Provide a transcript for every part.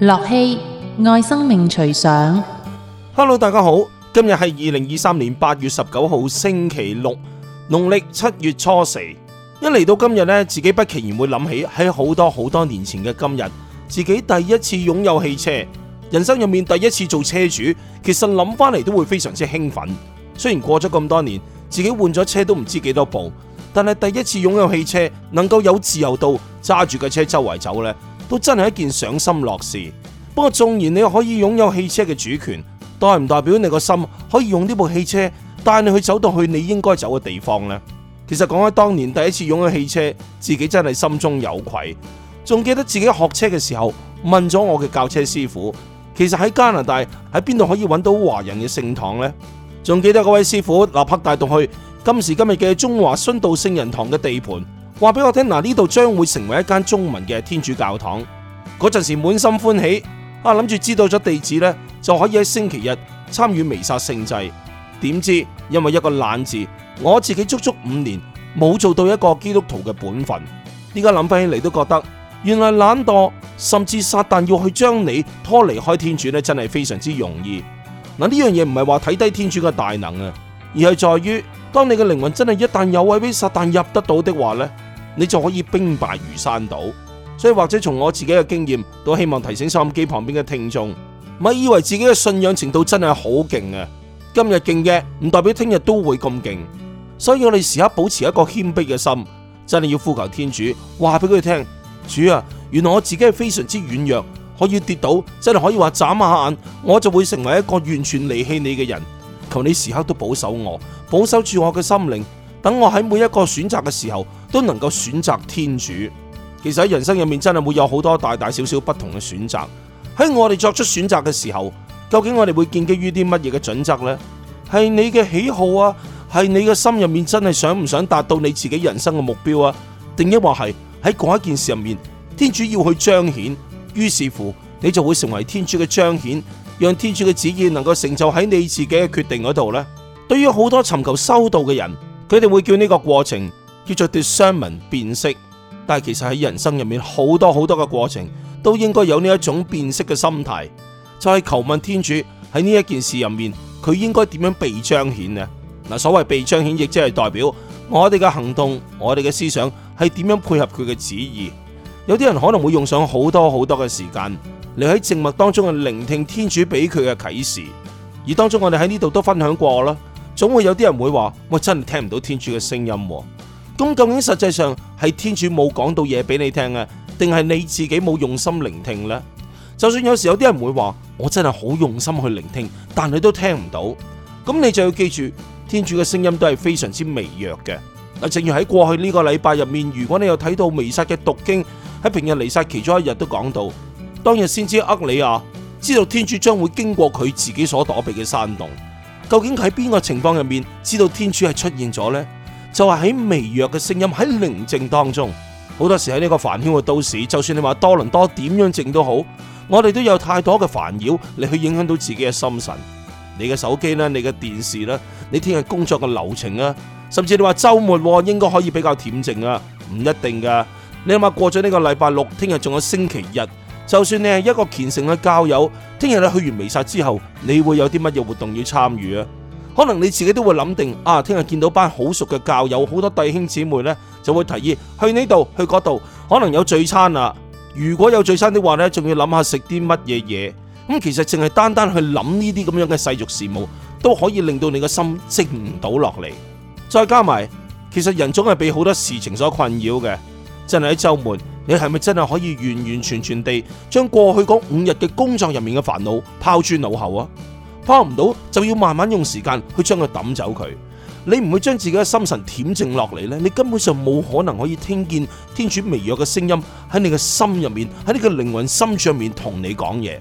樂器愛生命隨想，Hello，大家好，今天是2023年8月19日，係二零二三年八月十九號星期六，農曆七月初四。一嚟到今日呢，自己不期然會諗起喺好多好多年前嘅今日，自己第一次擁有汽車，人生入面第一次做車主，其實諗翻嚟都會非常之興奮。雖然過咗咁多年，自己換咗車都唔知幾多部，但係第一次擁有汽車，能夠有自由度揸住架車周圍走呢。都真係一件賞心樂事。不過縱然你可以擁有汽車嘅主權，代唔代表你個心可以用呢部汽車帶你去走到去你應該走嘅地方呢？其實講起當年第一次擁有汽車，自己真係心中有愧。仲記得自己學車嘅時候問咗我嘅教車師傅其實喺加拿大喺邊度可以揾到華人嘅聖堂呢？」仲記得嗰位師傅立刻帶到去今時今日嘅中華殉道聖人堂嘅地盤。話俾我聽，嗱，呢度將會成為一間中文嘅天主教堂。嗰陣時滿心歡喜，啊，諗住知道咗地址呢，就可以喺星期日參與彌撒聖祭。點知因為一個懶字，我自己足足五年冇做到一個基督徒嘅本分。依家諗翻起嚟都覺得，原來懶惰甚至撒旦要去將你拖離開天主呢，真係非常之容易。嗱，呢樣嘢唔係話睇低天主嘅大能啊，而係在於當你嘅靈魂真係一旦有位俾撒旦入得到的話呢。你就可以兵敗如山倒，所以或者從我自己嘅經驗，都希望提醒收音機旁邊嘅聽眾，咪以為自己嘅信仰程度真係好勁啊！今日勁嘅唔代表聽日都會咁勁，所以我哋時刻保持一個謙卑嘅心，真係要呼求天主話俾佢聽，主啊，原來我自己係非常之軟弱，可以跌倒，真係可以話眨下眼，我就會成為一個完全離棄你嘅人，求你時刻都保守我，保守住我嘅心靈。等我喺每一個選擇嘅時候都能夠選擇天主。其實喺人生入面真係會有好多大大小小不同嘅選擇。喺我哋作出選擇嘅時候，究竟我哋會建基於啲乜嘢嘅準則呢？係你嘅喜好啊？係你嘅心入面真係想唔想達到你自己人生嘅目標啊？定抑或係喺嗰一件事入面，天主要去彰顯，於是乎你就會成為天主嘅彰顯，讓天主嘅旨意能夠成就喺你自己嘅決定嗰度呢。對於好多尋求修道嘅人。佢哋會叫呢個過程叫做 discernment 辨識，但係其實喺人生入面，好多好多嘅過程都應該有呢一種辨識嘅心態，就係、是、求問天主喺呢一件事入面，佢應該點樣被彰顯呢？嗱，所謂被彰顯亦即係代表我哋嘅行動，我哋嘅思想係點樣配合佢嘅旨意。有啲人可能會用上好多好多嘅時間嚟喺靜默當中去聆聽天主俾佢嘅啟示，而當中我哋喺呢度都分享過啦。總會有啲人會話我真係聽唔到天主嘅聲音，咁究竟實際上係天主冇講到嘢俾你聽啊，定係你自己冇用心聆聽呢？就算有時有啲人會話我真係好用心去聆聽，但你都聽唔到，咁你就要記住，天主嘅聲音都係非常之微弱嘅。嗱，正如喺過去呢個禮拜入面，如果你有睇到彌撒嘅讀經，喺平日彌撒其中一日都講到，當日先知厄里亞知道天主將會經過佢自己所躲避嘅山洞。究竟喺邊個情況入面知道天主係出現咗呢？就係喺微弱嘅聲音喺寧靜當中，好多時喺呢個繁囂嘅都市，就算你話多倫多點樣靜都好，我哋都有太多嘅煩擾，你去影響到自己嘅心神。你嘅手機啦，你嘅電視啦，你聽日工作嘅流程啊，甚至你話周末應該可以比較恬靜啊，唔一定噶。你諗下過咗呢個禮拜六，聽日仲有星期日。就算你係一個虔誠嘅教友，聽日你去完彌撒之後，你會有啲乜嘢活動要參與啊？可能你自己都會諗定啊，聽日見到班好熟嘅教友，好多弟兄姊妹呢，就會提議去呢度去嗰度，可能有聚餐啦。如果有聚餐的話呢，仲要諗下食啲乜嘢嘢。咁、嗯、其實淨係單單去諗呢啲咁樣嘅世俗事務，都可以令到你嘅心靜唔到落嚟。再加埋，其實人總係被好多事情所困擾嘅，真係喺周末。你係咪真係可以完完全全地將過去嗰五日嘅工作入面嘅煩惱拋諸腦後啊？拋唔到就要慢慢用時間去將佢抌走佢。你唔會將自己嘅心神恬靜落嚟呢，你根本就冇可能可以聽見天主微弱嘅聲音喺你嘅心入面，喺你嘅靈魂心上面同你講嘢。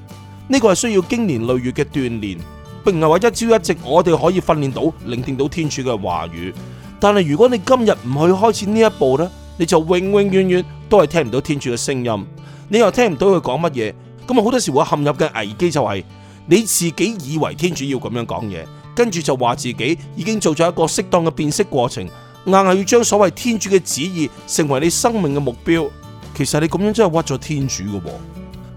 呢個係需要經年累月嘅鍛煉，並唔係話一朝一夕我哋可以訓練到聆聽到天主嘅話語。但係如果你今日唔去開始呢一步呢？你就永永遠遠都係聽唔到天主嘅聲音，你又聽唔到佢講乜嘢，咁啊好多時候會陷入嘅危機就係你自己以為天主要咁樣講嘢，跟住就話自己已經做咗一個適當嘅辨識過程，硬係要將所謂天主嘅旨意成為你生命嘅目標，其實你咁樣真係屈咗天主嘅。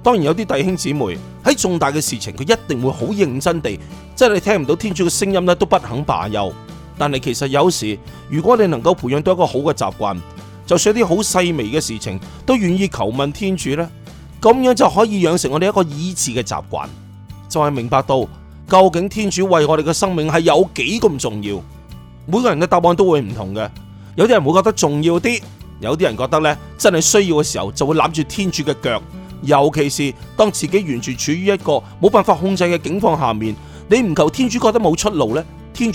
當然有啲弟兄姊妹喺重大嘅事情，佢一定會好認真地，即係你聽唔到天主嘅聲音呢，都不肯罷休。但係其實有時，如果你能夠培養到一個好嘅習慣，就算啲好細微嘅事情，都願意求問天主咧，咁樣就可以養成我哋一個意志嘅習慣，就係、是、明白到究竟天主為我哋嘅生命係有幾咁重要。每個人嘅答案都會唔同嘅，有啲人會覺得重要啲，有啲人覺得咧真係需要嘅時候就會攬住天主嘅腳，尤其是當自己完全處於一個冇辦法控制嘅境況下面，你唔求天主覺得冇出路咧。